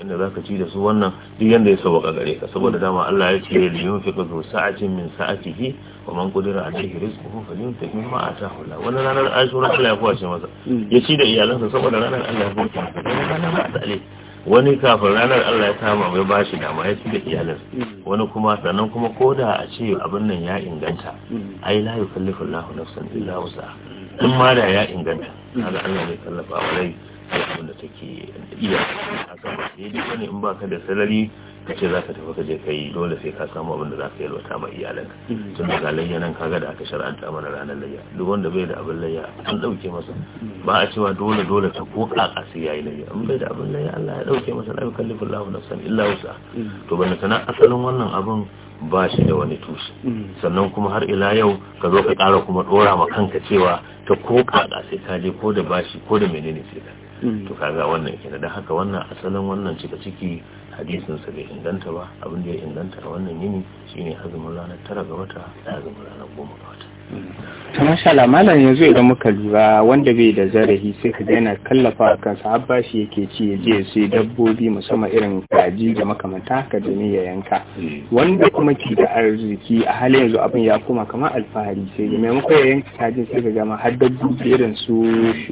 inda zaka ci da su wannan duk yanda ya sauka gare ka saboda dama Allah ya ce li yunfiqu zu sa'atin min sa'atihi wa man qadira alayhi rizquhu falyunfiq mimma ataahu Allah wannan ranar Ashura Allah ya kwace masa ya ci da iyalansa saboda ranar Allah ya kwace masa ranar ba ta wani kafin ranar Allah ya kama mai bashi dama ya ci da iyalansa wani kuma sannan kuma koda a ce abin nan ya inganta ai la yukallifu Allahu nafsan illa wusa in ma da ya inganta kaga Allah ne kallafa wa rai abin da take iya haka ba sai wani in baka da salari ka ce za ka tafi ka je ka dole sai ka samu abin da za ka yalwata ma iyalanka tun da layya nan kaga da aka shar'anta mana ranar layya duk wanda bai da abin layya an dauke masa ba a cewa dole dole ta ko kaka sai yayi layya an bai da abin layya Allah ya dauke masa la yukallifu Allahu nafsan illa wusa to bana sana asalin wannan abin ba shi da wani tushe sannan kuma har ila yau ka zo ka kara kuma dora ma kanka cewa ta ko kaka sai ka je ko da bashi ko da menene sai ka Mm. to kaga wannan kenan da haka wannan asalin wannan cika ciki hadisin sa bai inganta ba abin da ya inganta a wannan yini shine azumin ranar tara ga wata da azumin ranar goma ga wata ta mashallah malam yanzu idan muka lura wanda bai da zarafi sai ka yana kallafa kansa shi yake ci ya je sai dabbobi musamman irin kaji da makamanta haka domin ya yanka wanda kuma ki da arziki a halin yanzu abin ya koma kamar alfahari sai da maimakon ya yanka kajin sai ka gama har dabbobi irin su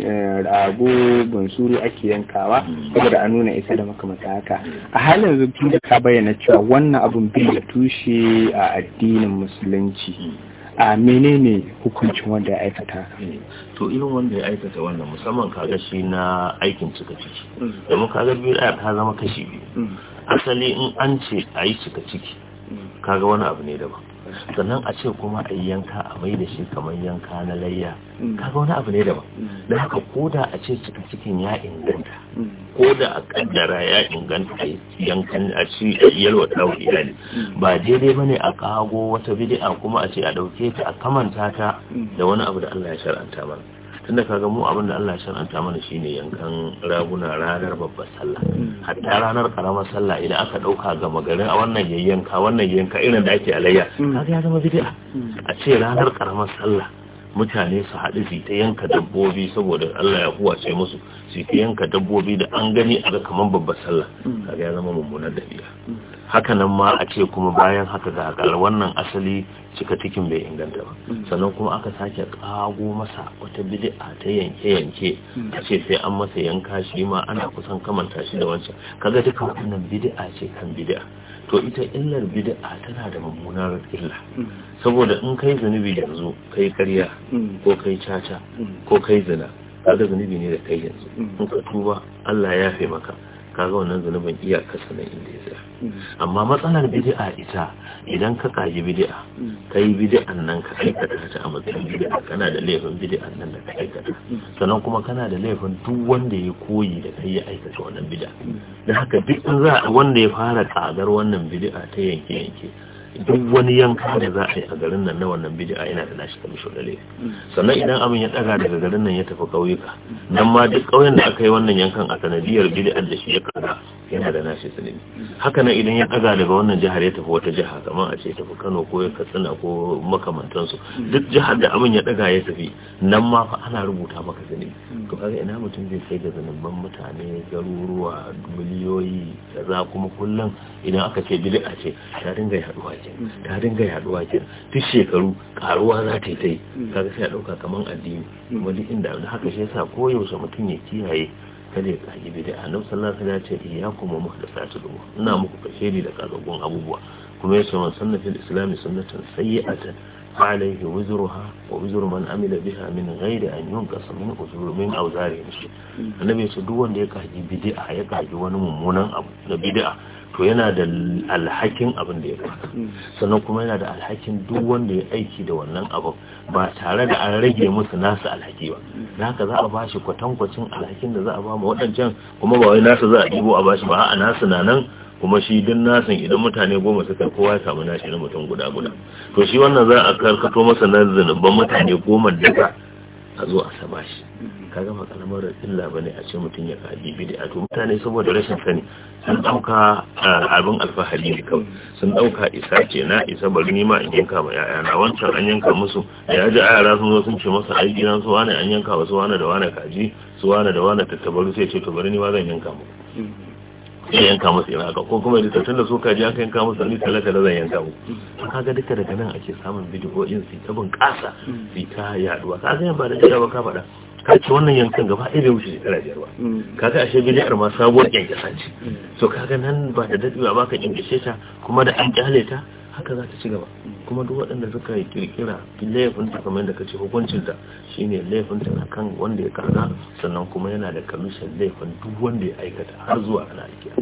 eh, rago bunsuru ake yankawa saboda a nuna isa da makamanta haka a halin yanzu tun da ka bayyana cewa wannan abin bai da tushe a addinin musulunci a menene hukuncin wanda ya aikata eh, to irin wanda ya aikata wannan musamman kaga shi na aikin cika ciki domin kaga bid'a ta zama kashi biyu mm. asali in an ce a yi cika ciki mm. kaga wani abu ne daban sannan a ce kuma a yanka a mai da shi kamar yanka na layya mm. kaga wani abu ne daban mm. da haka ko da a ce cikin cikin ya inganta mm. ko da a kaddara ya inganta yankan a ci yalwa ɗau ne ba daidai bane a kago wata bidi'a kuma a ce a ɗauke ta a kamanta ta da wani abu da Allah ya shar'anta mana da kaga mu abin da Allah ya shar'anta mana shine yankan raguna ranar babbar sallah hmm. hatta ranar karamar sallah idan aka dauka ga magarin a wannan yayyanka wannan yanka irin da ake alayya hmm. kaga ya zama bid'a hmm. a ce ranar karamar sallah mutane su haɗu su ta yanka dabbobi saboda Allah ya huwace musu su ta yanka dabbobi da an gani a ga kamar babbar sallah kaga ya zama mummunar dabi'a hakanan ma a ce kuma bayan haka ga hakar wannan asali cika tikin bai inganta ba mm. sannan kuma aka sake kago masa wata bid'a ta yanke-yanke mm. a ce sai an masa yanka shi ma ana kusan kamanta shi da wancan kaga duka wannan bid'a ce kan bid'a to ita illar bid'a tana da mummunar illa mm. saboda in kai zunubi yanzu kai karya ko kai caca ko kai zina kaga zunubi ne da kai yanzu in ka tuba Allah ya yafe maka kaga wannan zunubin kasa na inda ya tsaya mm. amma matsalar bidi'a ita idan ka kaji bid'a mm. kai bidi'a nan ka aikata ta a matsayin bid'a kana da laifin bidi'a nan da ka aikata mm. sannan kuma kana da laifin duk wanda ya koyi da kai ya aikata wannan bidi'a da haka duk wanda ya fara kagar wannan bidi'a ta yanke yanke duk wani yanka da za a yi a garin nan na wannan bid'a yana da nashi kamisho da laifi sannan idan abin ya daga daga garin nan ya tafi ƙauyuka nan ma duk ƙauyen da aka yi wannan yankan a sanadiyar bidi'ar da shi ya kada yana da nashi zunubi haka nan idan ya ɗaga daga wannan jihar ya tafi wata jiha kamar a ce tafi kano ko katsina ko makamantansu duk jihar da amin ya daga ya tafi nan ma fa ana rubuta maka zunubi to kaga ina mutum zai kai da mutane garuruwa miliyoyi kaza kuma kullum idan aka ce a ce ta dinga yaduwa ke ta dinga yaduwa ke duk shekaru karuwa za ta yi ta yi kaga sai a ɗauka kamar addini kuma duk inda haka shi yasa koyaushe mutum ya kiyaye kada ya kaji bid'a annabi sallallahu alaihi wasallam ya ce iyyakum wa muhdathatul umur ina muku kashiri da kazagun abubuwa kuma yace man sanna fil islam sunnatan sayyi'atan alayhi wuzruha wa wuzru man amila biha min ghairi an yunqasa min uzur min awzarihi annabi yace duk wanda ya kaji bid'a ya kaji wani mummunan abu na bid'a to yana da alhakin abin da ya fara sannan kuma yana da alhakin duk wanda ya aiki da wannan abin ba tare da an rage musu nasu alhaki ba da haka za a ba shi kwatankwacin alhakin da za a ba ma waɗancan kuma ba wai nasu za a ɗibo a ba shi ba a nasu na nan kuma shi duk nasan idan mutane goma suka kowa ya samu nashi na mutum guda guda to shi wannan za a karkato masa na zunuban mutane goma duka a zo a saba shi kaga ba kalamar illa bane a ce mutum ya kaji da to mutane saboda rashin sani sun dauka abin alfahari ne kawai sun dauka isa ce na isa bari ni ma in yanka ma yaya na wancan an yanka musu ya ji yara sun zo sun ce masa ai gidan su wane an yanka ba su wane da wane kaji su wane da wane tattabaru sai ce to bari ni ma zan yanka muku ya yanka musu ina haka ko kuma da lissafin da su ji aka yanka musu ni talaka da zan yanka mu kaga duka daga nan ake samun bidiyoyin su ta bunƙasa su ta yaduwa kaga yan ba da daga ka faɗa ka ce wannan yankan gaba ɗaya bai wuce shekara biyar ba kaga ashe bidiyar ma sabuwar kyankyasa ce so kaga nan ba da daɗewa ba ka kyankyashe ta kuma da an kyale ta haka za ta ci gaba kuma duk waɗanda suka yi kirkira laifinta kamar da kace ta shine laifinta na kan wanda ya kaga sannan kuma yana da kamishin laifin duk wanda ya aikata har zuwa ana aikiya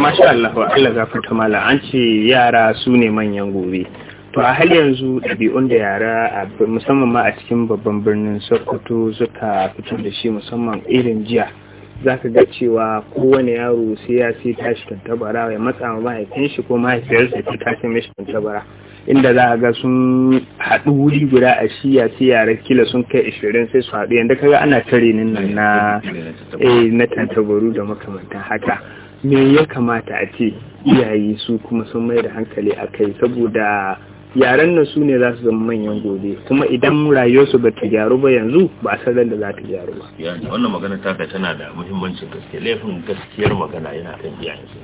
masha Allah wa Allah ta mala an ce yara su ne manyan gobe to a hal yanzu ɗabi'un da yara musamman ma a cikin babban birnin Sokoto suka fito da shi musamman irin jiya za ka ga cewa kowane yaro sai ya sai tashi tantabara ya matsa ma mahaifin shi ko mahaifiyarsa ta tashi mishi tantabara inda za a ga sun haɗu wuri guda a shiya sai yara kila sun kai ishirin sai su haɗu yadda kaga ana tare nan na eh, na tantabaru da makamanta haka me ya kamata a ce iyaye su kuma sun mai da hankali a kai saboda yaren nan su ne za su zama manyan gobe kuma idan rayuwarsu ba ta gyaru ba yanzu ba a san da za ta gyaru ba wannan magana taka tana da muhimmancin gaske laifin gaskiyar magana yana kan iyayensu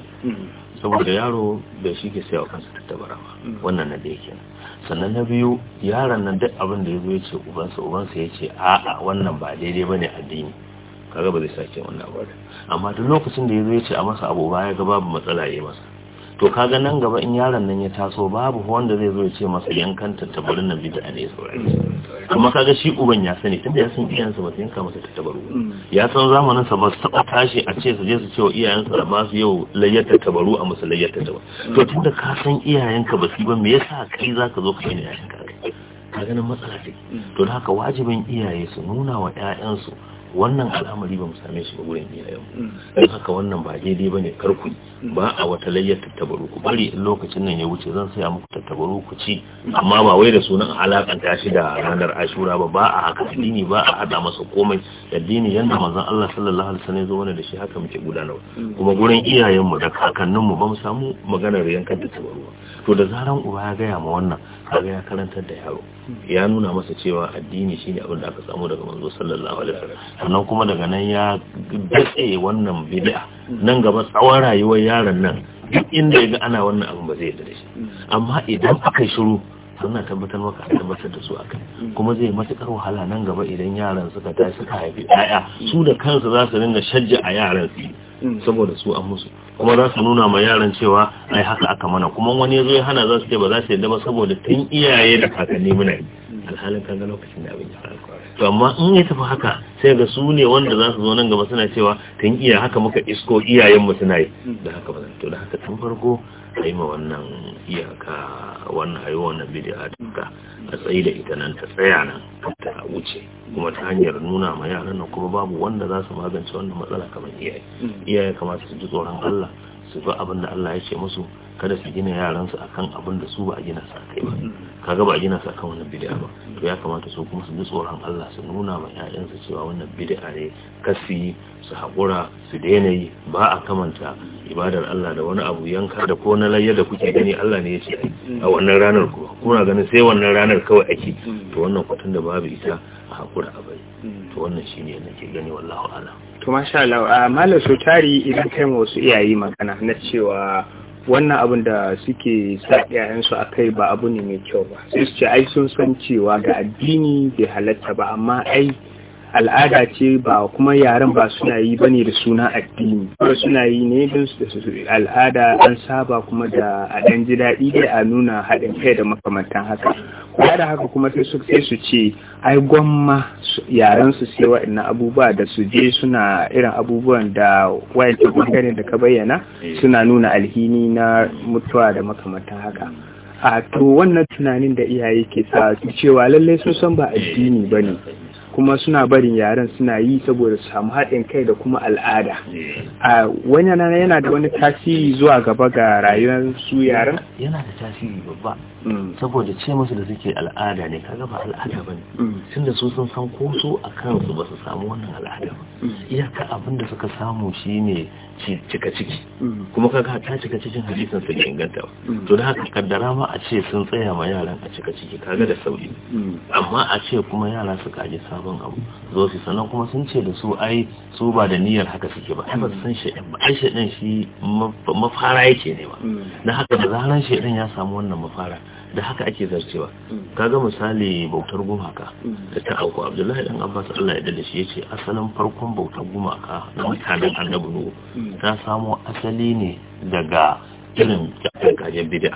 saboda yaro da shi ke sayawa kansa ta tabara ba wannan na da yake sannan na biyu yaron nan duk abin da ya zo ya ce ubansa ubansa ya ce a'a wannan ba daidai ba ne addini kaga ba zai sake wannan abu amma duk lokacin da ya zo ya ce a masa abu ba ya ga babu matsala ya yi masa to kaga nan gaba in yaron nan ya taso babu wanda zai zo ya ce masa yankan tattabarin nan da ne saurari Amma kaga shi uban ya sani tunda ya san iyayensa ba su yanka masa tattabaru ya san zamanin sa ba su taba tashi a ce su je su ce wa iyayensa da ba su yau layyar tattabaru a masu layyar tattabaru to tunda ka san iyayenka ba su ba me yasa kai zaka zo ka yi iyayenka ka ganin matsala ce to da haka wajibin iyaye su nuna wa 'ya'yansu wannan al'amari ba mu same shi ba gurin iyayen mm. don haka wannan ba daidai ba ne karku mm. ba a wata layyar tattabaru ku bari in lokacin nan ya wuce zan saya muku tattabaru ku ci mm. amma ba wai da sunan alakanta shi da ranar ashura ba ba a haka addini ba a hada masa komai addini yanda mazan Allah sallallahu alaihi wasallam ya zo mana da shi haka muke gudanarwa kuma gurin iyayen mu da kakannin mu ba mu samu maganar yankan tattabaru ba to da zaran uba ya gaya ma wannan kaga ya karantar da yaro ya nuna masa cewa addini shine abin da aka samu daga manzo sallallahu alaihi wasallam sannan kuma daga nan ya datse wannan bid'a nan gaba tsawon rayuwar yaron nan duk inda ya ga ana wannan abin ba zai dare shi amma idan aka yi shiru suna tabbatar maka a tabbatar da su a kai kuma zai matukar wahala nan gaba idan yaran suka tashi suka haifi ɗaya su da kansu za su ringa shajja a yaran su saboda su an musu kuma za su nuna ma yaran cewa ai haka aka mana kuma wani ya zo ya hana za su ce ba za su yi ba saboda tun iyaye da kakanni muna yi alhalin kaga lokacin da abin ya faru to amma in ya tafi haka sai ga su ne wanda za su zo nan gaba suna cewa tun iya haka muka isko iyayen mu suna yi da haka ba to da haka tun farko a ma wannan iyaka wannan ayi wannan bid'a duka a tsayi da ita nan ta tsaya nan ta wuce kuma ta hanyar nuna ma yaran nan kuma babu wanda za su magance wannan matsala kamar iyaye iyaye kamata su ji tsoron Allah su ga abin da Allah ya ce musu kada su gina yaransu akan abin da su ba a gina su kai ba kaga ba a gina su akan wannan bid'a ba to ya kamata su kuma su ji tsoron Allah su nuna ma yayansu cewa wannan bid'a ne kasi su haƙura su daina yi ba a kamanta ibadar Allah da wani abu yanka da ko na layya da kuke gani Allah ne ya ce a wannan ranar ku kuna ganin sai wannan ranar kawai ake to wannan kwatan da babu ita a haƙura a bai to wannan shine nake gani wallahu ala to masha Allah malam Sotari idan kai wasu iyayi magana na cewa wannan abin da suke sa yayansu a kai ba abu ne mai kyau ba sai su ce ai sun san cewa ga addini bai halatta ba amma ai al'ada ce ba kuma yaren ba suna yi ba ne da suna addini ba suna yi ne don su al'ada an saba kuma da a ɗan ji daɗi da a nuna haɗin kai da makamantan haka kuma da haka kuma sai su ce ai gwamma yaren su sai waɗannan abubuwa da su je suna irin abubuwan da wayancan ɓangaren da ka bayyana suna nuna alhini na mutuwa da makamantan haka a to wannan tunanin da iyaye ke sa cewa lallai sun san ba addini ba ne kuma suna barin yaren suna yi saboda su samu haɗin kai da kuma al'ada a wani yana da wani tasiri zuwa gaba ga rayuwar su yaren yana da tasiri babba mm. saboda ce musu da suke al'ada ne kaga ba al'ada bane mm. tun da su sun san ko su a kansu ba su samu wannan al'ada ba mm. iyaka abin da suka samu shine cika ciki kuma kaga ta cika cikin hadisin su inganta ba to da haka kaddara ma a ce sun tsaya ma yaran a cika ciki kaga da sauri amma a ce kuma yara suka ji sabon son abu zo su sannan kuma sun ce da su ai su ba da niyyar haka suke ba ai ba san shaidan ba ai shaidan shi mafara yake ne ba mm. na haka da zaran shaidan ya samu wannan mafara da haka ake zarcewa mm. kaga misali bautar gumaka mm. da ta auku abdullahi dan abbas allah ya dade ya ce asalin farkon bautar gumaka na mutanen annabi ta samo asali ne daga irin kajen bid'a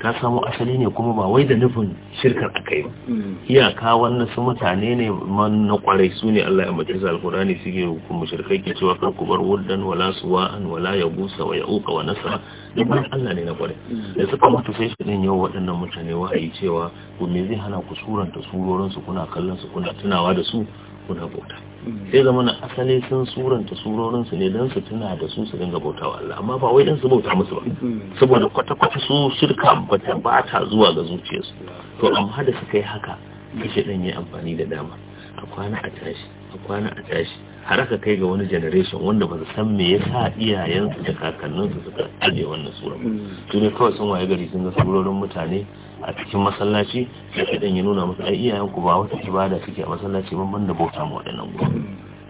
ta mm. samu asali ne kuma ba wai da nufin shirkar aka yi ba mm. iyaka wannan su mutane ne man na kwarai su ne Allah ya majalisa alkurani suke hukum su ke cewa kar ku bar wuddan wala an wala ya gusa wa ya uka wa nasara duk wani Allah ne na kwarai mm. da suka mutu sai shi din yau waɗannan mutane wahayi cewa ku me zai hana ku suranta surorin su kuna kallon su kuna tunawa da su kuna bauta sai zama na asali sun suranta surorinsu ne don su tuna da su su dinga bautawa Allah amma ba wai dan su bauta musu ba saboda kwata kwata su shirka bata ta zuwa ga zuciyarsu to amma da suka yi haka kashe dan yi amfani da dama a kwana a tashi a kwana a tashi har aka kai ga wani generation wanda ba su san me yasa iyayensu da kakanninsu suka aje wannan sura to hmm. ne kawai sun waye gari sun ga surorin mutane a cikin masallaci da kiɗan ya nuna musu ai ku ba wata ibada suke a masallaci ban da bauta ma wadannan gudu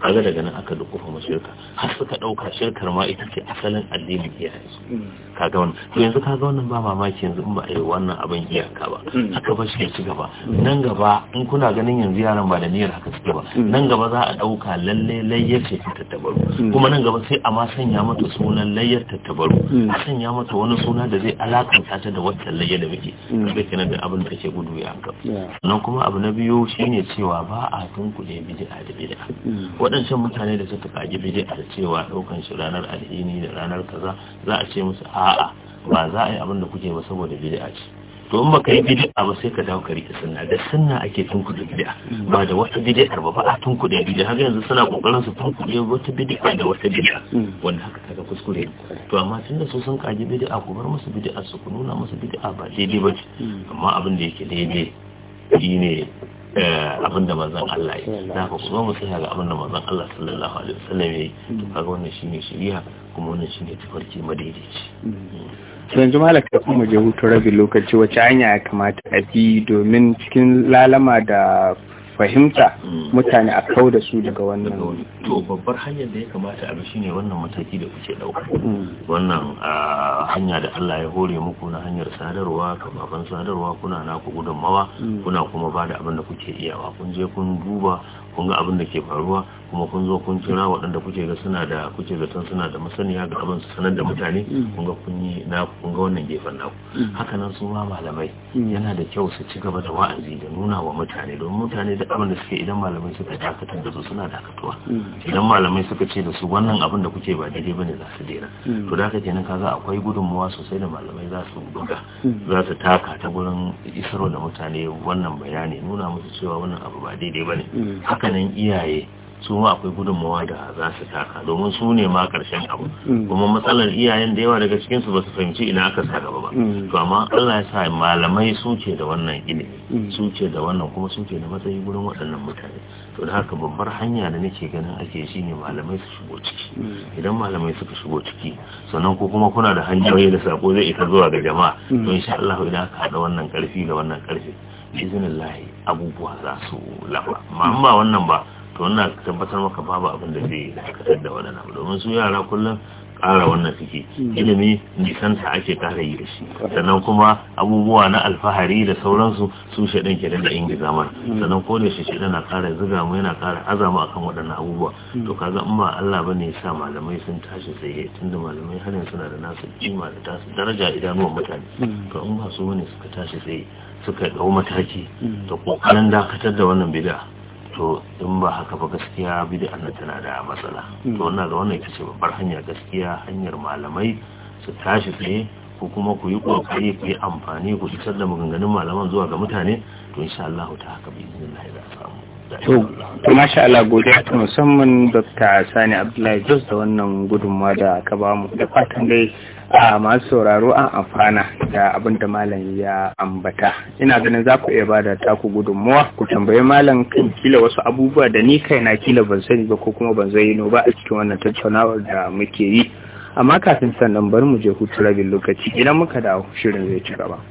kaga daga nan aka dukufa mu shirka har suka dauka shirkar ma ita ce asalin addinin iyaye hmm. kaga wannan to yanzu kaga wannan ba mamaki yanzu in ba a wannan abin iyaka ba hmm. aka ba shi ke ci gaba nan gaba in kuna ganin yanzu yaran ba da niyyar haka suke ba hmm. nan gaba za a dauka lalle layyar ce ta tattabaru kuma nan gaba sai a ma sanya mata sunan layyar tattabaru a sanya mata wani suna da zai alakanta ta da waccan layyar da muke kaga kenan da abin da gudu ya haka Nan kuma abu na biyu shine cewa ba a tunkule bid'a da bid'a waɗancan mutane da suka kaji bid'a a cewa ɗaukan shi ranar alhini da ranar kaza za a ce musu a'a ba za a yi abin da kuke ba saboda a ce to in baka yi bid'a ba sai ka dawo ka rike sunna da sunna ake tunkuɗe bid'a ba da wata bid'ar ba ba a tunkuɗe bid'a haka yanzu suna kokarin su tunkuɗe wata bid'a da wata bid'a wanda haka ga kuskure to amma da su sun kaji a ku bar musu bid'a su ku nuna musu bid'a ba daidai ba amma abin da yake daidai shine Eh, abin da manzan Allah yi na ka kuma mu tsaya ga abin da manzan Allah sallallahu alaihi wasallam yi to kaga wannan shine shiriya kuma wannan shine tafarki madaidaici yanzu malaka kuma mu je hutu rabin lokaci wace hanya ya kamata a bi domin cikin lalama da fahimta mm. mutane a kau da su daga wannan to babbar hanyar da ya kamata a shine wannan mataki da kuke dauka mm. wannan hanya da Allah ya hore muku na hanyar sadarwa kafafen sadarwa kuna na ku gudunmawa mm. kuna kuma ba da abin da kuke iyawa kun je kun duba kun ga abin da ke faruwa kuma kun zo kun kira waɗanda kuke ga suna da kuke zaton suna da masaniya ga abin su sanar da mutane kun ga kun yi na kun ga wannan gefen naku Hakanan su ma malamai yana da kyau su ci gaba da wa'azi da nuna wa mutane domin mutane da abin da suke idan malamai suka dakatar da su suna dakatuwa mm. idan malamai suka ce da su wannan abin da kuke ba daidai bane za su daina mm. to da kake nan kaza akwai gudunmuwa sosai da malamai za su buga mm. za su taka ta gurin isarwa da mutane wannan bayani nuna musu cewa wannan abu ba daidai bane haka nan iyaye su ma akwai gudunmawa da za su taka domin su ne ma karshen abu mm. kuma matsalar iyayen da yawa daga cikinsu ba su fahimci ina aka sa gaba ba mm. to amma Allah ya sa malamai su ce da wannan ilimi mm. su ce da wannan kuma su ce da matsayi gurin waɗannan mutane to da haka babbar hanya da nake ganin ake shi ne malamai su shigo ciki idan malamai suka shigo ciki sannan ko kuma kuna da hanyoyi da sako zai isa zuwa ga jama'a to insha Allah idan aka haɗa wannan ƙarfi da wannan ƙarfi izinin lahi abubuwa za su lafa amma wannan ba to wannan tabbatar maka babu abin da zai kasar da wannan abu domin su yara kullum ƙara wannan suke ilimi nisanta ake ƙara yi da shi sannan kuma abubuwa na alfahari da sauransu su shaɗin ke da ingi mana sannan ko da shi na ƙara ziga mu yana ƙara azama akan waɗannan abubuwa to kaga in ba Allah ba ne sa malamai sun tashi tsaye tunda malamai har yanzu suna da nasu kima da tasu daraja idanuwan mutane to in ba su bane suka tashi tsaye suka ɗau mataki da ƙoƙarin dakatar da wannan bid'a to in ba haka ba gaskiya bid'a nan tana da matsala hmm. to wannan ga wannan kace babbar hanya gaskiya hanyar malamai su tashi tsaye ko kuma ku yi kokari ku yi amfani ku isar da maganganun malaman zuwa ga mutane to insha Allah ta haka bi Allah ya samu to masha Allah godiya ta musamman Dr. Sani Abdullahi da wannan gudunmawa da ka bamu da fatan dai a masu sauraro an amfana da abin da malam ya ambata ina ganin za ku iya bada taku gudunmuwa ku tambayi malam kan kila wasu abubuwa da ni kaina kila ban sani ba ko kuma ban zayyano ba a cikin wannan tattaunawar da muke yi amma kafin sannan bari mu je hutu rabin lokaci idan muka dawo shirin zai ci gaba.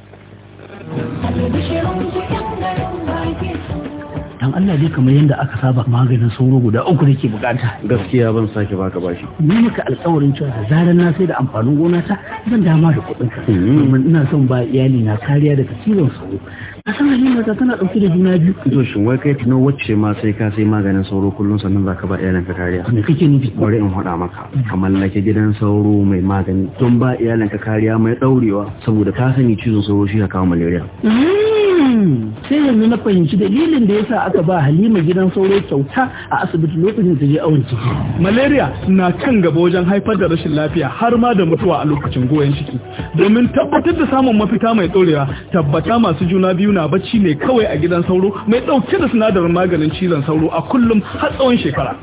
dan Allah dai kamar yadda aka saba maganin sauro guda uku da ke bukata gaskiya ban sake baka bashi ni maka alƙawarin cewa da zaran na sai da amfanin gona ta zan dama da kuɗin ka mm-hmm. domin ina son ba iyali na kariya daga cizon sauro asan halima ta tana dauke da juna biyu to shin wai kai tuno wacce ma sai ka sai maganin sauro kullum sannan zaka ba iyalanka kariya me kake nufi bari in hada maka ka mallake gidan sauro mai magani don ba iyalanka kariya mai daurewa saboda ka sani cizon sauro shi ka kawo malaria hmm. sai yanzu na fahimci dalilin da yasa aka ba halima gidan sauro kyauta a asibiti lokacin ta je awon ciki malaria na kan gaba wajen haifar da rashin lafiya har ma da mutuwa a lokacin goyon ciki domin tabbatar da samun mafita mai dorewa tabbata masu juna biyu nuna bacci ne kawai a gidan sauro mai ɗauke da sinadarin maganin cizon sauro a kullum har tsawon shekara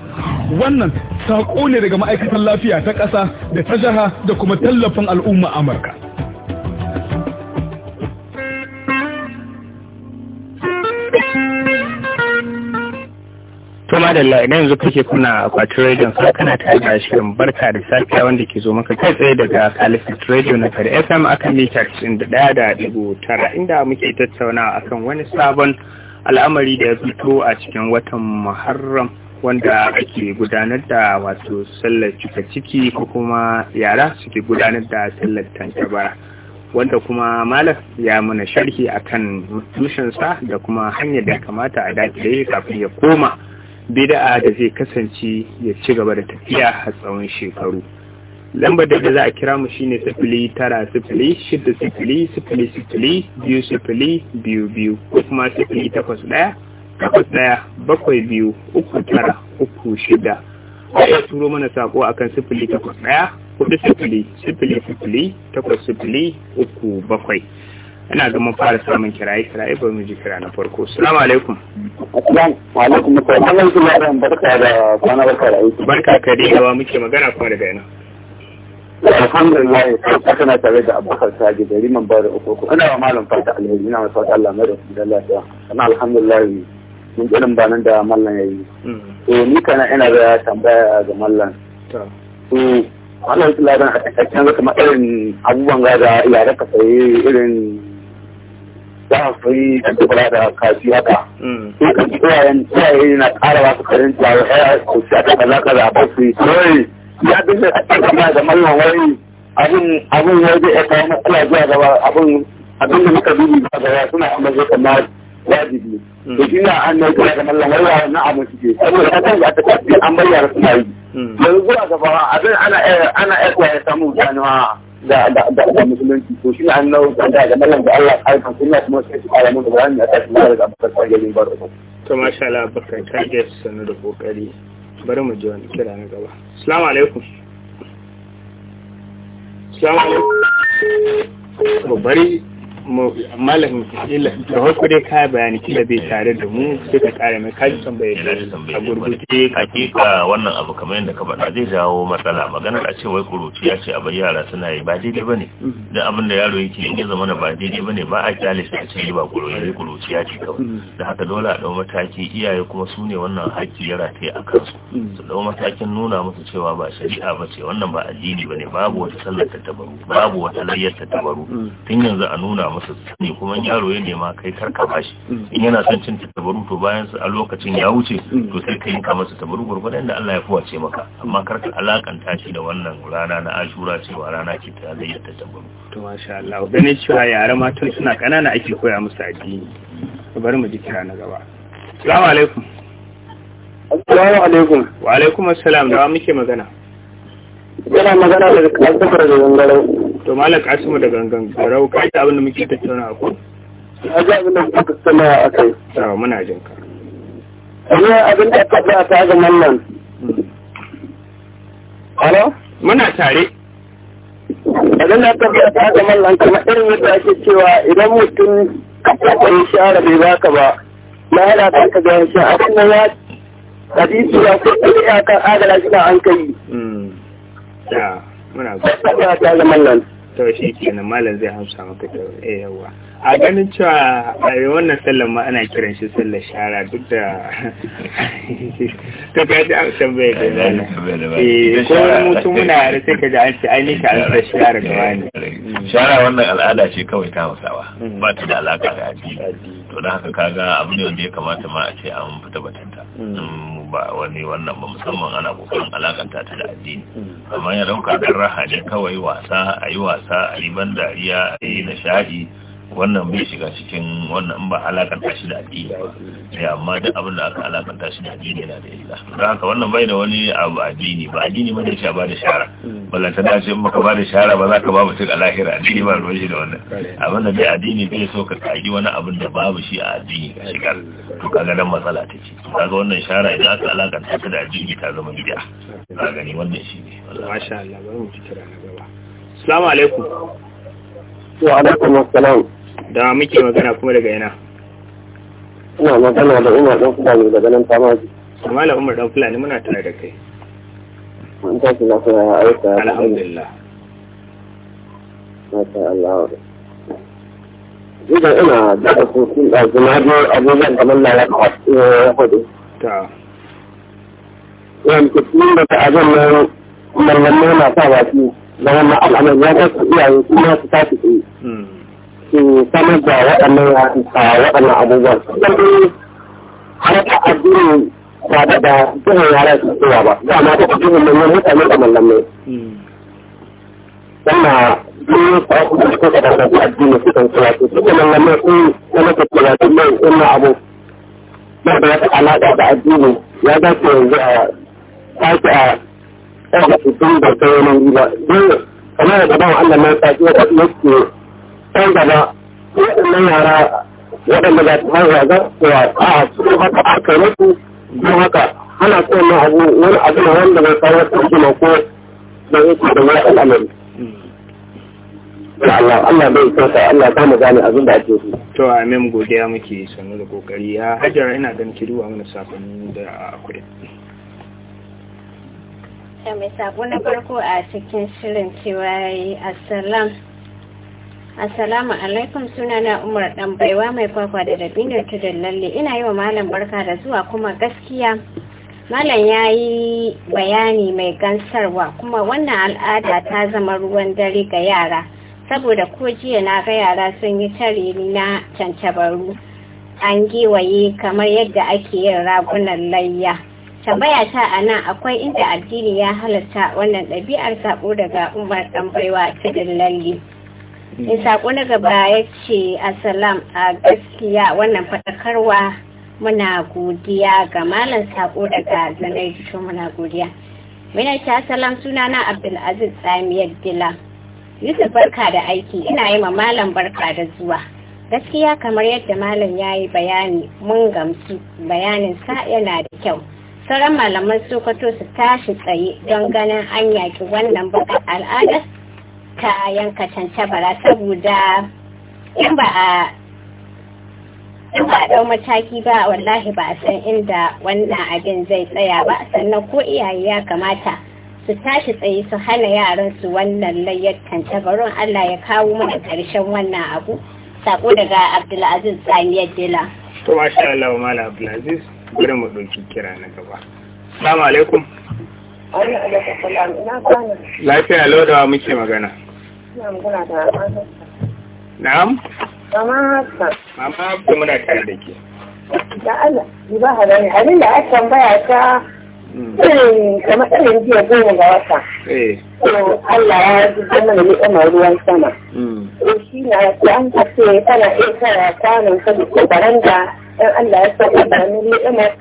wannan saƙo ne daga ma'aikatan lafiya ta ƙasa da ta jiha da kuma tallafin al'umma amurka madalla idan yanzu kake kuna akwatin rediyon sa kana ta da shirin barka da safiya wanda ke zo maka kai tsaye daga kalifat Radio na Kare FM akan mita 91.9 inda muke tattauna akan wani sabon al'amari da ya fito a cikin watan Muharram wanda ake gudanar da wato sallar cika ciki ko kuma yara suke gudanar da sallar tantabara wanda kuma malam ya mana sharhi akan tushensa da kuma hanyar da kamata a dace kafin ya koma bid'a da zai kasance ya ci gaba da tafiya a tsawon shekaru lambar da za a kira mu shine sifili tara sifili shida sifili sifili sifili biyu sifili biyu biyu ko kuma sifili takwas ɗaya takwas ɗaya bakwai biyu uku tara uku shida a ya turo mana saƙo akan sifili takwas ɗaya kudu sifili sifili sifili takwas sifili uku bakwai ina ga mun fara samun kiraye kiraye ba mu ji kira na farko assalamu alaikum wa alaikum barka da kwana barka da aiki barka ka dai muke magana kuma kana da da ina wa malam fata alheri ina fata Allah mai da lafiya ana alhamdulillah mun da mallan yayi to mm. eh, ni kana ina da tambaya ga mallan to ya tsara a cikin kuma irin abubuwan gaza ya raka sai irin za su yi dubara da kashi haka sai mm. ka tsawayen tsawaye na kara ba su karin tsawo ya ku shi aka kaza kaza ba su yi kawai ya dinga kama da mallan wani abin abin wai zai iya kawo matsala zuwa gaba abin abin da muka dubi ba gaba suna kuma zai kama wajibi mm. to shi na an nai kula da mallan wai wa na abin suke saboda kasan da ta kwafi an bayyana suna yi mm. yanzu zuwa gaba abin ana ana iya samu ganuwa da da da da musulunci to shi an nau da da mallan da Allah ya aika kuma kuma sai su fara mun da wani da tashi mara da abubakar kwajin bar to masha Allah abubakar kai ga sanu da kokari bari mu ji wani kira na gaba assalamu alaikum assalamu alaikum bari malam da wasu dai ka bayani kila bai tare da mu sai kare mai kaji tambaye a gurgurce hakika wannan abu kamar yadda ka faɗa zai jawo matsala maganar a ce wai kuruci ya ce abin yara suna yi ba daidai bane mm-hmm. da abin da yaro yake in zama na ba daidai bane ba a kyale shi a ce ba kuruci kuruci ya ce kawai mm-hmm. da haka dole a ɗau mataki iyaye kuma su ne wannan haƙƙi ya rataye a kansu mm-hmm. su ɗau matakin nuna musu cewa ba shari'a ba ce wannan ba addini bane babu wata sallar babu wata layyar ta tun yanzu a nuna masa sani kuma yaro ya nema kai karka bashi mm. in yana son cin tabaru to bayan a lokacin ya wuce mm. to sai ka yanka masa tabaru gurgurdan da Allah ya fuwace maka amma karka alakanta shi da wannan rana na Ashura cewa rana ce ta zayyata tabaru to masha Allah ne cewa yara ma tun suna kanana ake koya musu addini bari mu ji kira na gaba assalamu alaikum assalamu alaikum wa alaikum assalam da muke magana yana magana daga kasar da zangarau to malak asimu da gangan garau ka ji abin da muke tattauna a kun a ji abin da muke tattauna a kai to muna jin ka ne abin da ka ba ta ga nan alo muna tare abin da ka ba ta ga nan kuma irin yadda ake cewa idan mutum ka kwakwai shara bai baka ba na hada ta ka ga shi abin da ya hadisi ya ko iyakar adala shi an kai mm. muna godiya ta ga mallan to shi zai hamsa maka ta, eh, yawa a ganin cewa a wannan sallar ma ana kiran shi sallar shara duk da ta, ka ji an tambaye da zana eh ko mutum muna yare sai ka ji an ce ai ne ka an sa shara gaba ne shara wannan al'ada ce kawai ta hausawa mm. ba ta da alaka da addini to da haka kaga abu ne wanda ya kamata ma a ce an fita ta, mm. Mm, ba wani wannan ba musamman ana kokarin alakanta ta da addini amma ya dauka dan raha ne kawai wasa Ayi wasa a yi ban dariya a yi nishaɗi wannan bai shiga cikin wannan ba alakan tashi da addini ba eh, amma duk abin da aka alakan tashi da addini yana da illa don haka wannan bai da wani abu addini ba addini ba da shi ba da shara ballanta da shi maka ba da shara ba za ka ba mutum a lahira addini ba ruwan shi da wannan abin da bai addini bai so ka kagi wani abin da babu shi a addini ka shigar to ga dan matsala ta ce ga wannan shara idan aka alakan tashi da addini ta zama gida za gani wannan shi ne masha Allah bari mu ci kira na gaba Salamu alaikum wa alaikum assalam da muke magana kuma daga yana ina magana da umar dan fulani daga nan tamaji malam umar dan fulani muna tare da kai mun tashi lafiya ya aika alhamdulillah masha Allah idan ina da asusun ɗazu na biyo abubuwan da Allah ya faɗi ta yan kusurin da na nan mallamai na sa baki da wannan al'amari ya kasu iyaye kuma su tafi tsaye hmm. ke samar da waɗannan waɗannan abubuwan. Sannan dai harka addini ba da da jihar yara su ba, ba ma ta mun mutane da hmm. Wannan da addini su kan su su mai wannan abu. Ba da wata alaƙa da addini ya dace yanzu a sake a ɗaga su tun da sauran Don kamar da Allah can gaba waɗannan yara waɗanda ba su fara ga cewa a su haka aka mutu don haka ana so wani abu wani abu na wanda bai kawo su kuma ko don yake da wani al'amari. Allah, Allah bai kyauta, Allah ta mu gane abin da ake so. To, amin godiya muke sannu da kokari. Ya hajjara ina ganin ki duba mana sakonni da akwai. Ya mai sabo na farko a cikin shirin cewa ya yi Assalam. Assalamu alaikum sunana Umar dan baiwa mai kwakwa da dabinar tudun lalle ina yi wa malam barka da zuwa kuma gaskiya malam ya yi bayani mai gansarwa kuma wannan al'ada ta zama ruwan dare ga yara saboda ko jiya na ga yara sun yi tare na cancabaru an giwaye kamar yadda ake yin ragunan layya tambaya ta a nan akwai inda addini ya halatta wannan ɗabi'ar saɓo daga umar ɗan baiwa tudun lalle In eh, sako na gaba ya ce asalam a gaskiya wannan fadakarwa muna godiya ga malam sako daga zanar cikin muna godiya muna ta suna na abdulaziz tsamiyar dila yusuf barka da aiki ina yi ma malam barka da zuwa gaskiya kamar yadda malam ya yi bayani mun gamsu bayanin sa yana da kyau sauran malaman sokoto su tashi tsaye don ganin an yaki wannan bakar al'adar ta yanka tantabara saboda in ba a in ba ɗau mataki ba wallahi ba a san inda wannan abin zai tsaya ba sannan ko iyaye ya kamata su tashi tsaye su hana yaran su wannan layyar tantabarun Allah ya kawo mana ƙarshen wannan abu sako daga Abdulaziz Tsaniyar Dila. To masha Allah Mala Abdulaziz gure mu dauki kira na gaba. Assalamu alaikum. Lafiya lau da muke magana. Na'am? Mama haka. Mama haka muna tare da ke. Da Allah, yi ba ha bane. Abin da aka tambaya ta hmm. Kama irin jiya goma ga wata. Eh. Allah ya ji zama da ni'imar ruwan sama. Hmm. To shi na ko an ka ce tana iya kara kwanan ka da kokarin da ɗan Allah ya sauka da ni'imar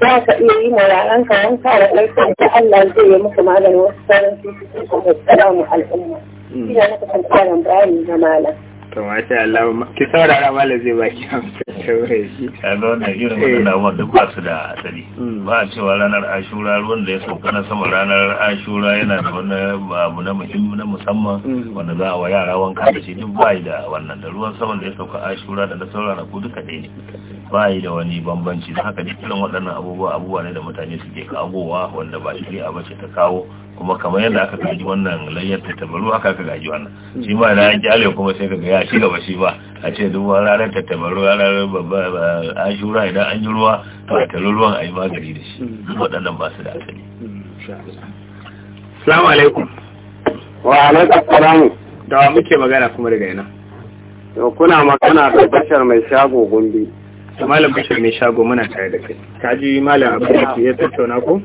za ka iya yi ma yaranka wanka da ɗaukar da Allah zai yi muku maganin wasu sauran cututtuka da tsara al'umma. Mm. ina maka kankanin bayani na malam to Allah ki saurara malam zai baki shi a irin duk ba da asali mm. ba a cewa ranar ashura ruwan da ya sauka na sama ranar ashura yana da wani abu na muhimmi na musamman mm. wanda za a wa yara wanka da shi duk ba da wannan da ruwan sama da ya sauka ashura da na saurara ko duka ɗaya ne ba da wani bambanci da haka duk irin waɗannan abubuwa abubuwa ne da mutane suke kagowa wanda ba shi a bace ta kawo kuma kamar yadda aka gaji wannan layyar ta tabaru haka aka gaji wannan shi ma na kyale kuma sai ka gaya shi gaba shi ba a ce duk wani ranar ta tabaru ranar babba ashura idan an yi ruwa to a ruwan a yi magani da shi waɗannan ba su da asali. Salamu alaikum. Wa alaikum salamu. Da wa muke magana kuma daga ina. To kuna magana da bashar mai shago gombe. Malam bashar mai shago muna tare da kai. Ka ji malam abu ya tattauna ko?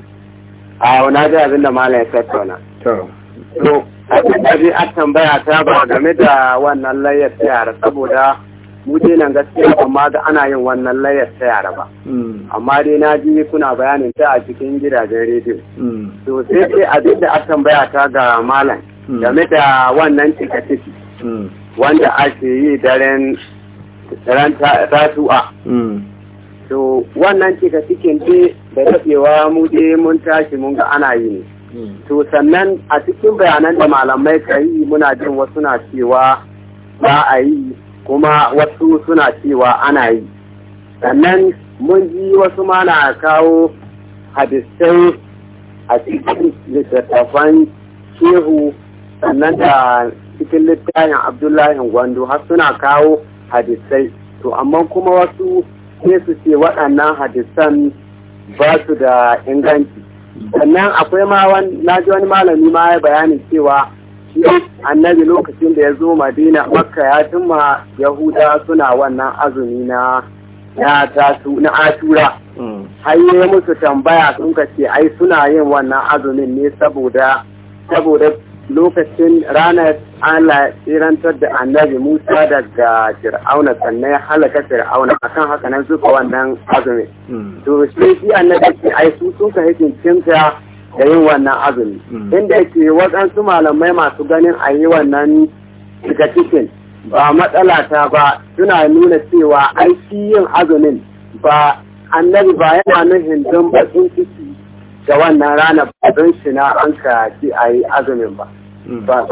a na ji abin da malam ya tattauna to a ji a tambaya ta ba game da wannan layar ta yara saboda mu dai nan gaskiya amma ga ana yin wannan layar ta yara ba hmm. amma dai na ji kuna bayanin ta a cikin gidajen rediyo hmm. to sai sai abin da a tambaya ta ga malam hmm. game da wannan cika wanda ake yi daren ran a to wannan ka cikin ce da daɗewa mu je mun tashi mun ga ana yi hmm. to sannan a cikin bayanan da malamai ka yi muna jin wasu na cewa ba a yi kuma wasu suna cewa ana yi sannan mun ji wasu ma na kawo hadisai a cikin littattafan shehu sannan da cikin littafin abdullahi gwando har suna kawo hadisai to amma kuma wasu sai su ce waɗannan hadisan ba su da inganci sannan akwai ma na wani malami ma ya bayanin cewa annabi lokacin da ya zo madina makka ya ma yahuda suna wannan azumi na na atura mm. har musu tambaya sun ka ce ai suna yin wannan azumin ne saboda saboda lokacin ranar ala tsirantar da annabi Musa daga Fir'auna sannan ya halaka Fir'auna akan haka nan suka wannan azumi. Hmm. To shi shi annabi ke ai su sun ka hikincinta da yin wannan azumi. Hmm. Inda ke waɗansu malamai masu ganin a yi wannan shiga ba matsala ta ba suna nuna cewa aiki yin azumin ba annabi ba yana nuhin don bakin ciki da wannan rana, ba don shi na an ka ci a yi azumin ba. Ba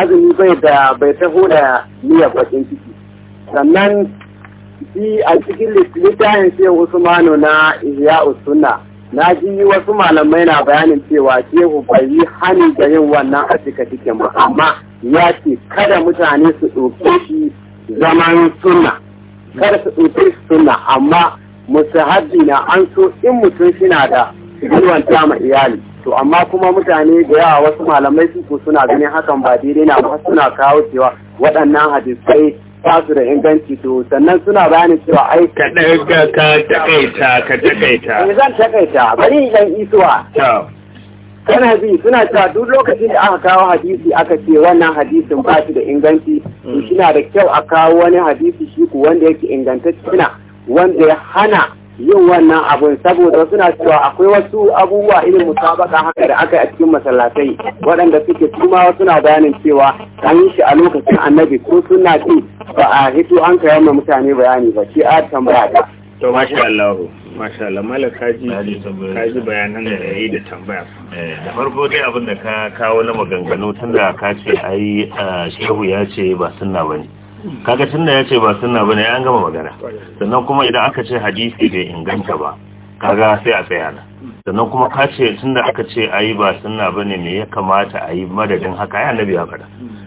azumi bai da bai taho da niyyar bakin ciki. Sannan shi a cikin littafin wasu Usmanu na iya Usuna na ji wasu malamai na bayanin cewa Shehu bai yi hani da yin wannan a cika cikin ba amma ya ce kada mutane su ɗauke shi zaman sunna. Kada su ɗauke shi sunna amma musu na an so in mutum shi na da yalwanta ma iyali to amma kuma mutane da yawa wasu malamai su ko suna ganin hakan ba daidai na ba suna kawo cewa waɗannan hadisai ba su da inganci to sannan suna bayanin cewa ai ka daga ka takaita ka takaita ni eh, zan takaita bari in isuwa kana bi suna cewa duk lokacin da aka kawo hadisi aka ce wannan hadisin ba shi da inganci to mm. na da kyau a kawo wani hadisi shi ku wanda yake ingantacce wanda ya hana yin wannan abun saboda suna cewa akwai wasu abubuwa irin musabaka haka da aka yi a cikin masallatai waɗanda suke kuma suna bayanin cewa an yi shi a lokacin annabi ko suna ce ba a hito an kayar ma mutane bayani ba shi a tambaya ta. to masha Allah masha Allah malak kaji kaji bayanan da yayi da tambaya da farko dai abin da ka kawo na maganganu tunda ka ce ai shehu ya ce ba sunna bane kaga tunda ya ce ba sunna ne an gama magana sannan kuma idan aka ce hadisi bai inganta ba kaga sai a tsaya sannan kuma ka ce tunda aka ce ayi ba sunna ne me ya kamata a yi madadin haka ya annabi ya faɗa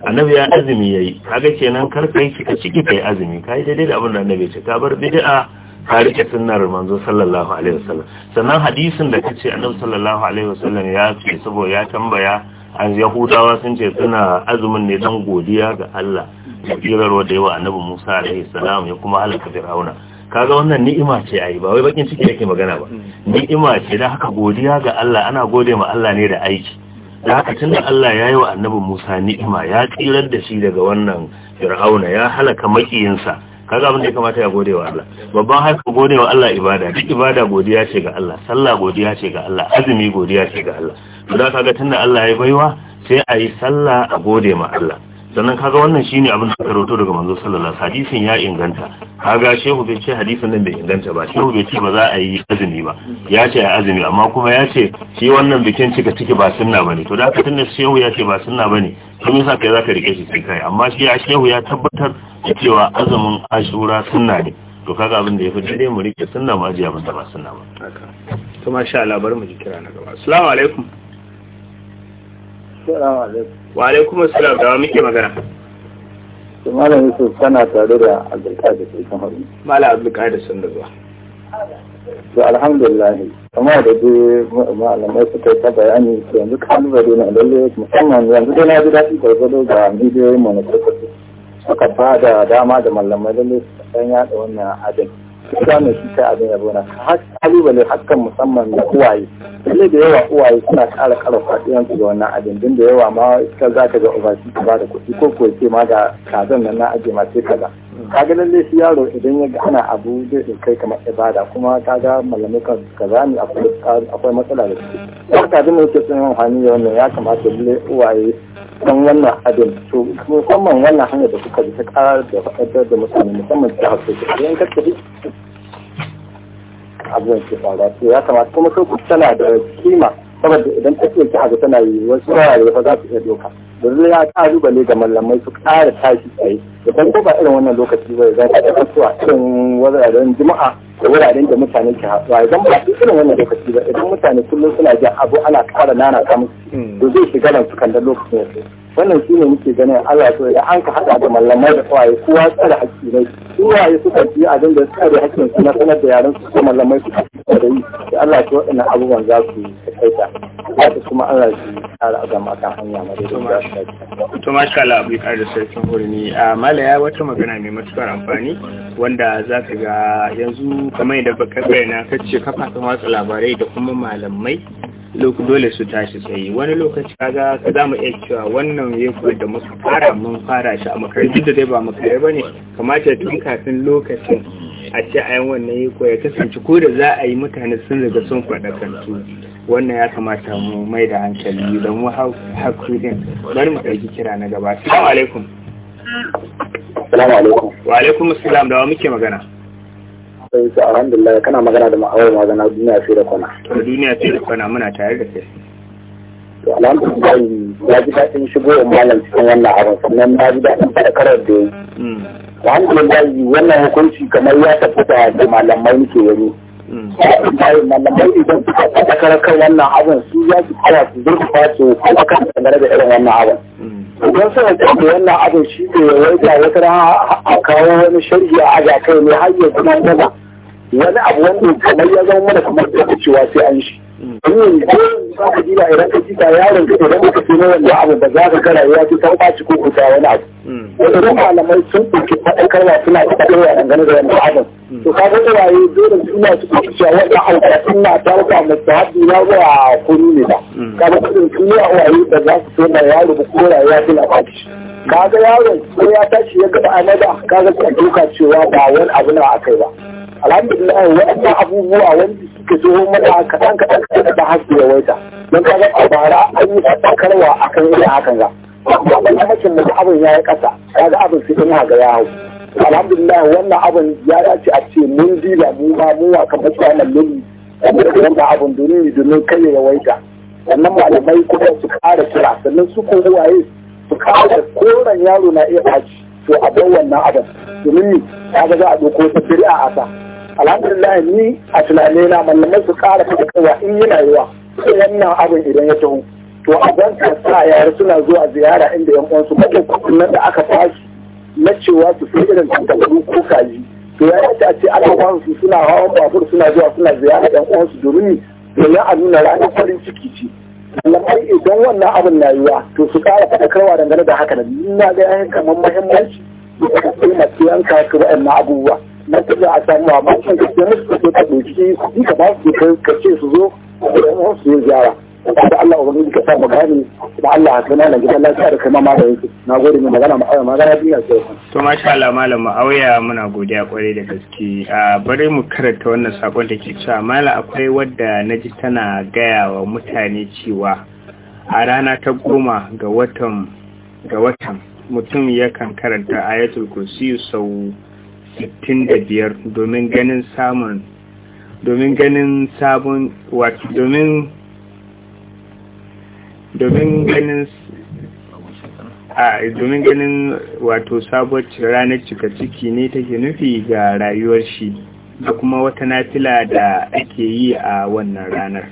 annabi ya azumi yayi kaga kenan kar kai kika ciki kai azumi kai daidai da abin da annabi ya ce ka bar bid'a ka rike sunnar manzo sallallahu alaihi wasallam sannan hadisin da kace annabi sallallahu alaihi wasallam ya ce saboda ya tambaya an yahudawa sun ce suna azumin ne don godiya ga Allah da firarwa da yawa annabi Musa alaihi salam ya kuma halaka Fir'auna kaga wannan ni'ima ce ayi ba wai bakin ciki yake magana ba mm. ni'ima ce da haka godiya ga Allah ana gode ma Allah ne da aiki da haka tunda Allah ya yi wa annabi Musa ni'ima ya tsirar da shi daga wannan Fir'auna ya halaka makiyinsa kaga abin da ya kamata ya gode wa Allah babban haka gode wa Allah ibada duk ibada godiya ce ga Allah sallah godiya ce ga Allah azumi godiya ce ga Allah to da kaga tunda Allah ya baiwa sai a yi sallah a gode ma Allah sannan kaga wannan shine abin da karoto daga manzo sallallahu alaihi hadisin ya inganta kaga shehu bai ce hadisin nan bai inganta ba shehu bai ce ba za a yi azumi ba ya ce a azumi amma kuma ya ce shi wannan bikin cika ciki ba sunna bane to da haka tunda shehu ya ce ba sunna bane to me yasa kai zaka rike shi sai kai amma shi a shehu ya tabbatar da cewa azumin ashura sunna ne to kaga abin da ya fi dai mu rike sunna ma ajiya abin ba sunna ba to masha Allah bari mu ji kira na gaba assalamu alaikum Assalamu alaikum. Wa alaikum assalam da muke magana. Malam Yusuf kana tare da Abdulkadir sai kamar. Malam Abdulkadir sun da zuwa. To alhamdulillah kamar da dai malamai suka ta bayani to yanzu kalubale na lalle musamman yanzu dai na ji daɗi gwargwado ga bidiyoyin mu na suka ba da dama da malamai lalle su san yaɗa wannan adalci. mai shi ta abin yabo na kalubale hakan musamman da uwaye lalle da yawa uwaye suna ƙara ƙarfafa su da wannan abin din da yawa ma ta za ka ga ubashi ta ba da kuɗi ko kuwa ce ma ga kazan nan na aje ma ce kaza kaga lalle shi yaro idan ya ga ana abu zai kai kamar ibada kuma kaga malamai kan kaza ne akwai matsala da su ya kaji mai ke tsanin hannu wannan ya kamata lalle uwaye don wannan abin to musamman wannan hanyar da suka bi ta karar da fadar da mutane musamman ta hasu da idan ka tafi abin ke fara to ya kamata kuma kai tana da kima saboda idan ta ce ta haka tana yi wasu da fa za su iya doka da ya bane ga mallamai su ƙara tashi tsaye da ko ba irin wannan lokaci ba zai ta kasuwa irin wazaren jima'a da wuraren da mutane ke haɗuwa idan ba su irin wannan lokaci ba idan mutane kullum suna jan abu ana kara nana kamu da zai shiga nan cikin da lokacin wannan shine muke ganin Allah so idan an ka haɗa da mallamai da kwaye kowa tsare haƙƙi ne ya suka ji abin da tsare haƙƙin su na sanar da yaran su ko mallamai su da yi da Allah ta waɗannan abubuwan za su kai ta kuma Allah shi tsara ga maka hanya mai dai to masha Allah abu da hore ni a malaya wata magana mai matukar amfani wanda za ka ga yanzu su da baka na kace kafafen watsa labarai da kuma malamai dole su tashi tsaye wani lokaci kaga ka za mu iya cewa wannan ya da muka fara mun fara shi a makarai da dai ba makarai ba ne kamata tun kafin lokacin a ce a yi wannan ya ya kasance ko da za a yi mutane sun riga sun faɗakantu wannan ya kamata mu mai da hankali da mu haku din bari mu ɗauki kira na gaba salamu alaikum wa alaikum assalam da wa muke magana sai su alhamdulillah kana magana da ma'awar magana duniya sai da kwana duniya sai da kwana muna tare da kai to alhamdulillah ya ji daɗin shigo in malam cikin wannan abin sannan na ji daɗin faɗakarar da ya yi mm. alhamdulillah wannan hukunci kamar ya tafi da malamai ke yi. Mm. malamai idan suka faɗakar kan wannan abin su za su kawo su zurfafa su faɗakar dangane da irin wannan abin mm. idan suna da wannan abin shi ne wai da wata a kawo wani sharhi a aja kai ne har yanzu na wani abu wanda kamar ya zama mana kamar da cewa sai an shi domin ko za ka jira idan ka jita yaron ka idan ka ce mai abu ba za ka kara ya ce ta ɓaci ko kuta wani abu wanda malamai sun ɗauki faɗakarwa suna faɗakarwa dangane da wani abu to ka ga tawaye dole suna su ɗauki cewa wanda alƙasin na ta wuka masu haɗi na zuwa kuru ne ba ka ga kuɗin tun waye ba za su tona yaro ba ko rayuwa suna ɓaci ka ga yaron ko ya tashi ya gaba a nada ka ga ka cewa ba wani abu na aka yi ba alhamdulillah waɗannan abubuwa wanda suke zo mata kaɗan kaɗan kaɗan da haske ya waita don ka ga bara an yi a kan iya hakan ga amma mahimmancin da abin ya yi ƙasa ya ga abin su ina ga yawo alhamdulillah wannan abin ya dace a ce mun dila mu ma mu wa kan masu wannan lulu da da abin domin domin kai ya yawaita Wannan malamai kuma su ƙara kira sannan su kuma waye su ƙara koren yaro na iya ɓaci to a bar wannan abin domin ya ga za a ɗauko ta shari'a a sa alhamdulillah ni a tunane na mallamai su kara ta kawa in yana yiwa sai wannan abin idan ya taho to a zan sa yare suna zuwa ziyara inda yan uwansu mutum nan da aka fashi na cewa su sai irin tattabaru ko kaji to ya yi a ce ana su suna hawan babur suna zuwa suna ziyara yan uwansu domin ya a nuna ranar farin ciki ce Mallamai idan wannan abin na yiwa to su kara kawa dangane da haka na na ga yayin kamar muhimmanci da kuma taimaka yanka su na abubuwa na kaza a samu amma kan da suka so ka ɗauki kuɗi ka ba su ka ce su zo da su yi ziyara da Allah ubangiji ka sa mu gane da Allah ka kana nan gidan lafiya da kuma malamin su na gode mai magana ma'auya magana ya sai to masha Allah malam ma'auya muna godiya kwarai da gaske a bari mu karanta wannan sakon da ke cewa mala akwai wadda naji tana gaya wa mutane cewa a rana ta goma ga watan ga watan mutum yakan karanta ayatul kursi sau 65 domin ganin samun domin ganin sabon wato domin domin ganin a domin ganin wato sabuwar ranar cika ciki ne take nufi ga rayuwar shi da kuma wata nafila da ake yi a wannan ranar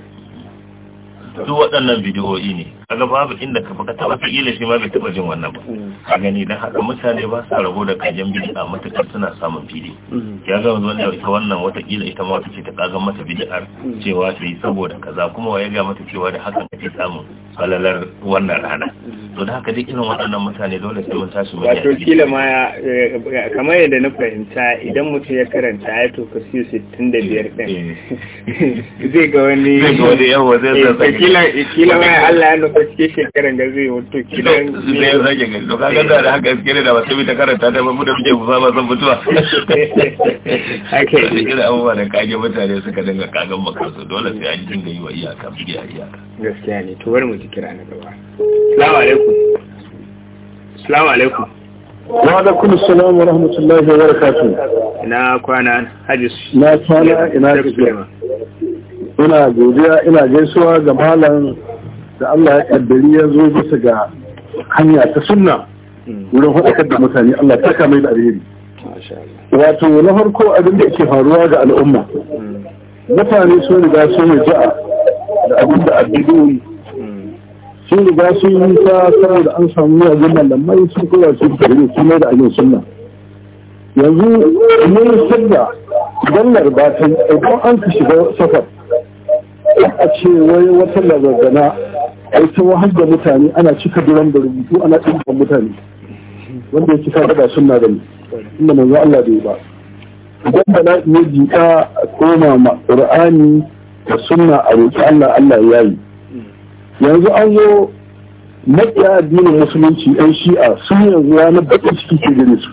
duk waɗannan bidiyoyi ne kaga babu inda ka faka taba kila shi ma bai taba jin wannan ba mm. a gani dan haka mutane ba sa rabo da kayan bid'a matakar suna samun fili mm. ya ga wanda ita wannan wata kila ita ma wata ce ta kaga mata bid'ar mm. cewa ta yi saboda kaza kuma ya ga mata cewa da hakan kake samun falalar wannan rana to da haka duk irin waɗannan mutane dole sai mun tashi mu wato kila ma eh, eh, kamar yadda na fahimta idan mutum ya karanta ayatul kursi 65 din eh, zai ga wani zai ga wani yawa zai zai kila kila ma Allah ya sake shekaran gari to kaga da haka da wasu bi ta karanta ta mu da muke fusa ba san mutuwa kira abubuwa da kage mutane suka dinga kagan dole sai an dinga yi wa iyaka iyaka gaskiya ne to bari mu ji kira na gaba assalamu alaikum assalamu alaikum wa ina ina godiya ina gaisuwa ga malam da Allah ya kaddari ya zo bisa ga hanya ta sunna wurin faɗakar da mutane Allah ta kamai da alheri wato na farko abin da ke faruwa ga al'umma mutane sun riga sun ja'a da abin da addini sun riga sun yi ta saboda an samu da mai sun kowa sun kare su mai da abin sunna yanzu mun sabda dallar ba ta idan an ka shiga safar a ce wai wata lazazana ai ta wahal da mutane ana cika duran da rubutu ana ɗinka mutane wanda ya cika daga sunna da ni inda manzo Allah bai ba idan da na iya jika koma ma qur'ani da sunna a roƙi Allah Allah ya yi yanzu an zo maƙiya addinin musulunci ɗan shi'a sun yanzu na baƙin ciki ke gare su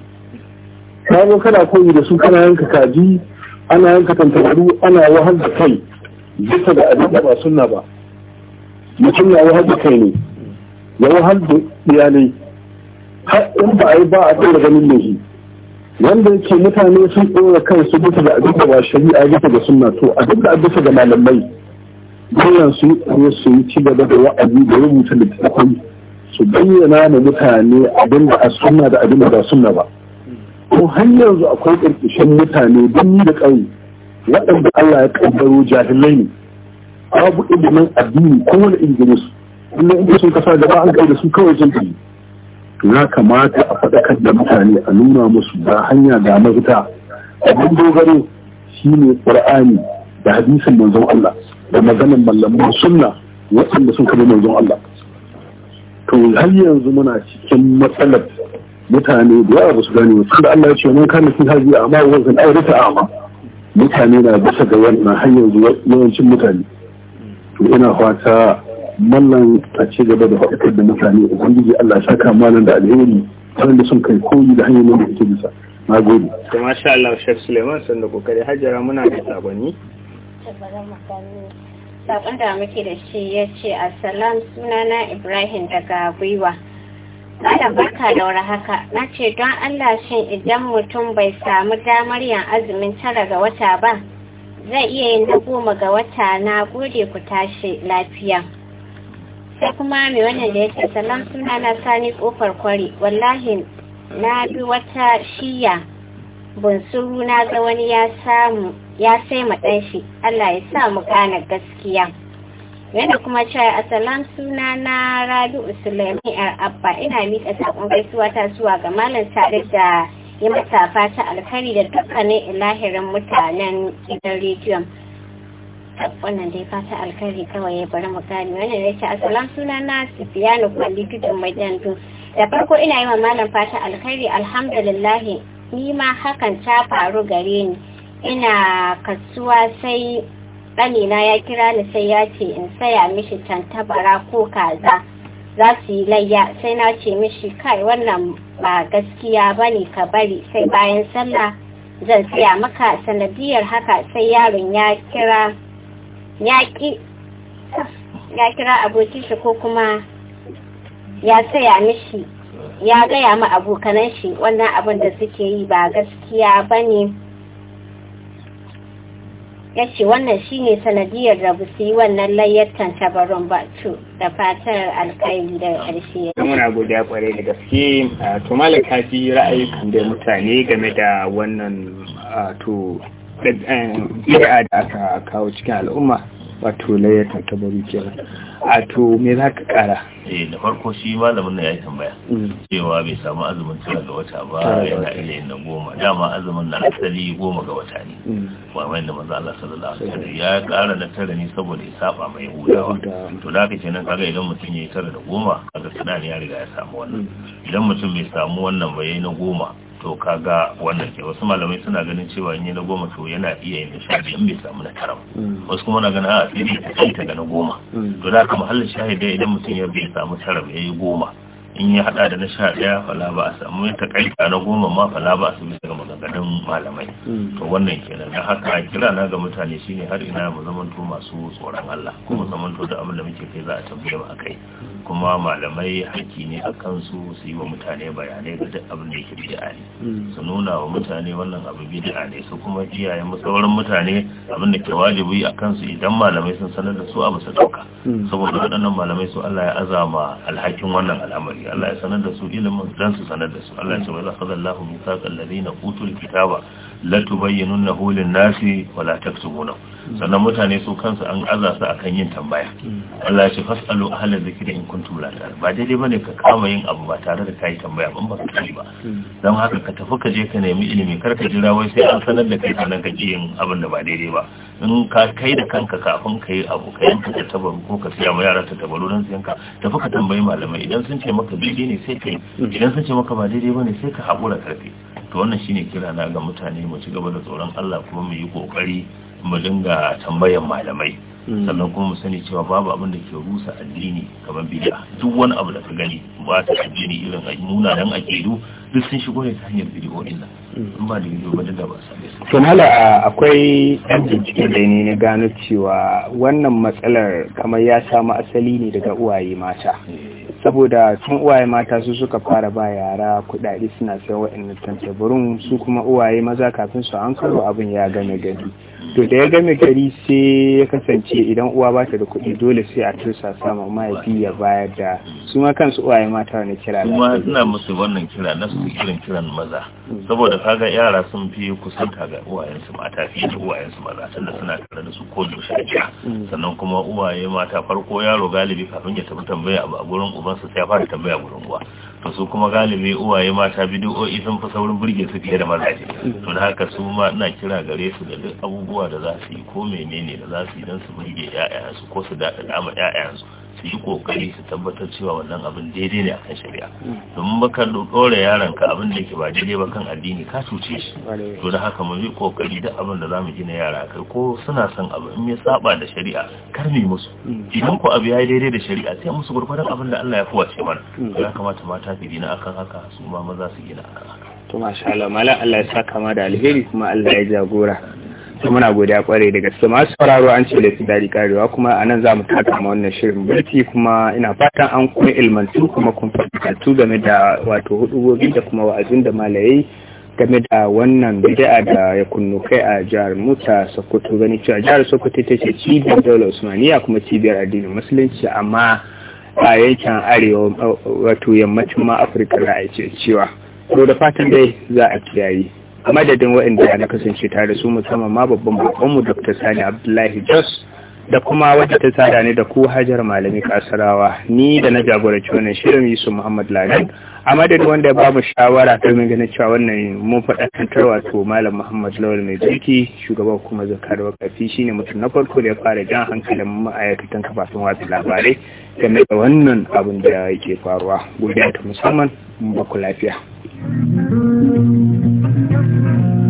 ka zo kana koyi da su kana yanka kaji ana yanka tantabaru ana wahal da kai bisa da abin da ba sunna ba mutum ya wahal da kai ne ya wahal da iyalai har in ba a yi ba a ɗora ganin da shi wanda yake mutane sun ɗora kansu bisa da abin da ba shari'a bisa da sunna to a duk da bisa ga malamai dole su yi su yi ci gaba da wa'azi da rubuta littattafai su bayyana ma mutane abin da a sunna da abin da ba sunna ba ko har yanzu akwai ƙarƙashin mutane don da ƙauye waɗanda Allah ya ƙaddaro jahilai ne babu ilimin addini ko wani ilimin musu kuma in sun kasa da ba an kai da su kawai sun tafi ya kamata a faɗakar da mutane a nuna musu ba hanya da mafita abin dogaro shine ƙur'ani, da hadisin manzon Allah da maganar mallamin sunna waɗanda sun kama manzon Allah to har yanzu muna cikin matsalar mutane da yawa ba su gane wasu da Allah ya ce mun kana cikin haji amma wanzan aurata amma mutane na bisa ga wannan har yanzu yawancin mutane to ina fata mallan a ci gaba da faɗaɗar da mutane ubangiji Allah ya saka malam da alheri wanda sun kai koyi da hanyar da ke bisa na gode to masha Allah Sheikh Suleiman sanda kokari hajjara muna da sabani Sabon da muke da shi ya ce assalam sunana Ibrahim daga gwiwa Ana barka da wani haka, na ce don Allah shin idan mutum bai samu damar yin azumin tara ga wata ba, zai iya yin na goma ga wata na gode ku tashi lafiya sai kuma mai wannan da ya ce salam suna na sani kofar kwari wallahi na bi wata shiya bunsuru na ga wani ya samu ya sai ma dan shi Allah ya sa mu gane gaskiya yana kuma cewa salam suna na Rabi'u Sulaiman Abba ina miƙa sakon gaisuwa ta zuwa ga Malam Sadiq da yi mata fata alkhari da dukkanin lahirin mutanen gidan rediyon wannan dai fata alkhari kawai ya bari mu gani wannan ya ce asalan suna na sufiyanu kwalli tutun mai da farko ina yi wa malam fata alkhari alhamdulillah ni ma hakan ta faru gare ni ina kasuwa sai ɗanina ya kira ni sai ya ce in saya mishi tantabara ko kaza za su yi layya sai na ce mishi kai wannan ba gaskiya ba ne ka bari sai bayan sallah zan tsaya maka sanadiyar haka sai yaron ya kira ya kira shi ko kuma ya tsaya mishi ya gaya ma abokanan shi wannan abin da suke yi ba gaskiya ba ne ya ce wannan shine sanadiyar da ba su yi wannan layyatan tabarun ba to da fatar alkhairi da ƙarshe. Don muna godiya kwarai da gaske to malaka ji ra'ayi da mutane game da wannan to eh, eh, da aka kawo cikin al'umma wato ta bari kenan a to me za ka kara eh da farko shi malamin na ya tambaya mm. cewa bai samu azumin tara ga wata ba yana ila yin goma dama azumin na asali goma ga wata ne mm. ba mai da manzo Allah sallallahu alaihi wasallam ya kara na tara ne saboda ya saba mai hudawa to da haka kenan kaga idan mutum ya yi tara da goma kaga sunan ya riga ya samu wannan mm. idan mutum bai samu wannan ba yayi na goma to kaga wannan ke wasu malamai suna ganin cewa in yi na goma to yana iya yin shahidi in bai samu na tara mm. wasu kuma na ganin a tsiri ta tsaita ga na goma mm. to da ka mahallin shahidi idan mutum ya bai samu tara ya yi goma in ya hada da na sha daya fala ba a samu ya takaita na goma ma fala ba a samu daga maganganun malamai mm. to wannan kenan na haka kira na ga mutane shine har ina mu zamanto masu tsoron Allah kuma zamanto da abin da muke kai za a tambaye mu akai kuma malamai haƙƙi ne a kansu su yi wa mutane bayanai ga duk abin da yake bid'a ne hmm. su nuna wa mutane wannan abu bid'a ne su kuma iyayen sauran mutane abin da ke wajibi a kansu idan malamai sun sanar da su abu su dauka hmm. saboda waɗannan malamai su Allah ya azama alhakin wannan al'amari Allah ya sanar da su ilimin dan su sanar da su Allah ya ce wa akhadallahu saka ladina utul kitaba la tubayyinunahu lin-nasi wa la taktubunahu sannan mutane su kansu an aza su akan yin tambaya Allah ya ce fasalu ahla zikri in kuntum la ta'lamun ba daidai bane ka kama yin abu ba tare da kai tambaya ban ba kai ba dan haka ka tafi ka je ka nemi ilimi kar ka jira wai sai an sanar da kai sannan ka ji yin abin da ba daidai ba in ka kai da kanka kafin ka yi abu ka yanka ta tabaru ko ka siya ma yara ta tabaru don siyan ka tafi ka tambayi malamai idan sun ce maka daidai ne sai kai idan sun ce maka ba daidai bane sai ka haƙura karfi to wannan shine kira na ga mutane mu ci gaba da tsoron Allah kuma mu yi kokari mu dinga tambayan malamai hmm. sannan kuma mu sani cewa babu abin da ke rusa addini kamar bid'a duk wani abu da ka gani ba ta addini irin a nuna nan akidu duk sun shigo ne ta hanyar din nan hmm. in ba da bidiyo ba da ba sa to mala akwai ɗan bincike da ne na gano cewa wannan matsalar kamar ya samu asali ne daga uwaye mata eh. saboda tun uwaye mata su suka fara ba yara kuɗaɗe suna sayan wa'annan tantabarun su kuma uwaye maza kafin su an karo abin ya gane gani to da ya ga gari sai ya kasance idan uwa ba ta da kuɗi dole sai a tursa sama mahaifi ya bayar da su ma kansu uwaye mata wani kira su ma suna musu wannan kira na su irin kiran maza saboda kaga yara sun fi kusanta ga uwayensu mata fiye da uwayensu maza tunda suna tare da su ko da mm. sannan kuma uwaye mata farko yaro galibi kafin ya tafi tambaya a gurin ubansa sai ya fara tambaya gurin uwa to su kuma galibi uwaye mata bidiyo'i sun fi saurin burge su fiye da mazaje to da haka su ma ina kira gare su da duk abubuwa da za su yi ko menene da za su yi don su burge 'ya'yansu ko su daɗa dama 'ya'yansu su yi kokari su tabbatar cewa wannan abin daidai ne akan shari'a domin baka dora yaron ka abin da ke ba daidai ba kan addini ka cuce shi to da haka mu yi kokari da abin da zamu gina yara kai ko suna son abu in ya saba da shari'a kar mu musu idan ko abu ya daidai da shari'a sai musu gurbadan abin da Allah ya fuwace mana ya kamata mata su gina akan haka su ma maza su gina akan haka to masha Allah mala Allah ya saka ma da alheri kuma Allah ya jagora to muna godiya kwarai da gaske masu sauraro an ce da su dari karewa kuma a nan za mu taka ma wannan shirin barci kuma ina fatan an kuma ilmantu kuma kun fahimtu game da wato hudubobi da kuma wa'azin da malayai game da wannan bid'a da ya kunnu kai a jihar Muta Sokoto gani cewa jihar Sokoto ta ce cibiyar daular Usmaniya kuma cibiyar addinin Musulunci amma a yankin arewa wato yammacin ma Afirka za ce cewa. Ko da fatan dai za a kiyaye. a madadin waɗanda na kasance tare su musamman ma babban babbanmu dr sani abdullahi jos da kuma wadda ta tsada ne da ku hajar malami kasarawa ni da na jagoranci wannan shirin yusu muhammad ladan a madadin wanda ya bamu shawara domin ganin cewa wannan mun faɗa kantar wato malam muhammad lawal mai jirki shugaban kuma zakar wakafi shine mutum na farko da ya fara jan hankalin ma'aikatan kafafen watsa labarai game da wannan abin da yake faruwa godiya ta musamman ba lafiya Thank you.